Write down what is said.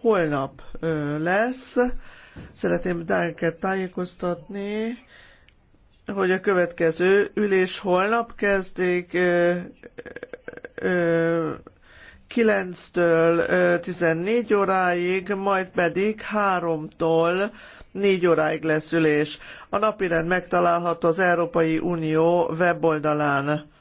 holnap lesz. Szeretném Dánket tájékoztatni, hogy a következő ülés holnap kezdik 9-től 14 óráig, majd pedig 3-tól 4 óráig lesz ülés. A napirend megtalálható az Európai Unió weboldalán.